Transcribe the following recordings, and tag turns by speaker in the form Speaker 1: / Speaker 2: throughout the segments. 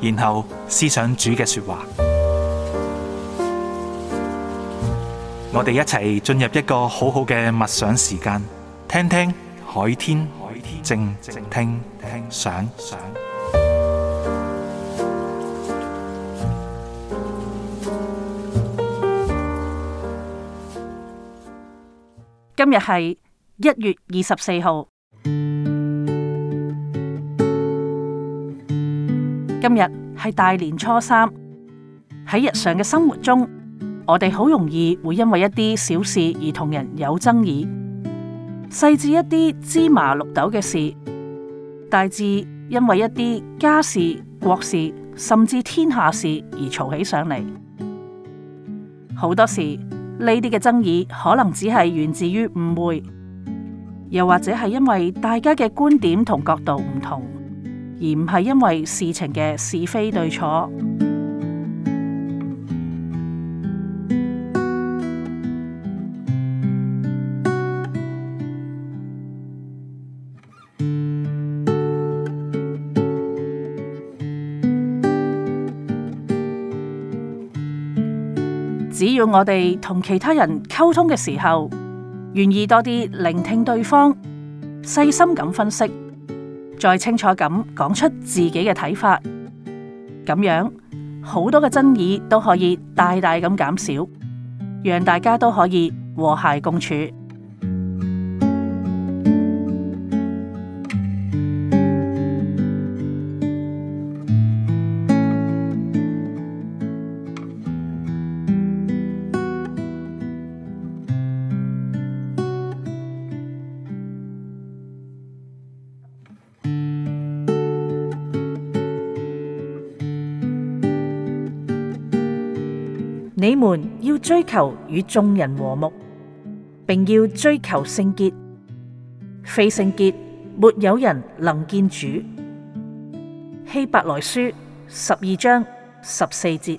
Speaker 1: 然後思想主嘅說話，我哋一齊進入一個好好嘅默想時間，聽聽海天靜靜聽想。
Speaker 2: 今日係一月二十四號。今日係大年初三，喺日常嘅生活中，我哋好容易會因為一啲小事而同人有爭議，細至一啲芝麻綠豆嘅事，大至因為一啲家事、國事，甚至天下事而嘈起上嚟。好多時呢啲嘅爭議，可能只係源自於誤會，又或者係因為大家嘅觀點同角度唔同。而唔係因為事情嘅是非對錯。只要我哋同其他人溝通嘅時候，願意多啲聆聽對方，細心咁分析，再清楚咁講出自己嘅睇法，咁樣好多嘅爭議都可以大大咁減少，讓大家都可以和諧共處。你們要追求與眾人和睦，並要追求聖潔。非聖潔，沒有人能見主。希伯來書十二章十四節。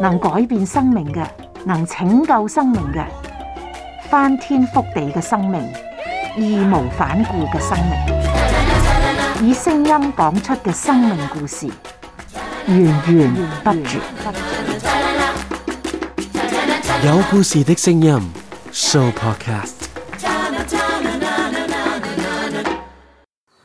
Speaker 2: 能改變生命嘅，能拯救生命嘅，翻天覆地嘅生命，義無反顧嘅生命，以聲音講出嘅生命故事，
Speaker 1: 源源不絕。有故事的聲音，Show Podcast。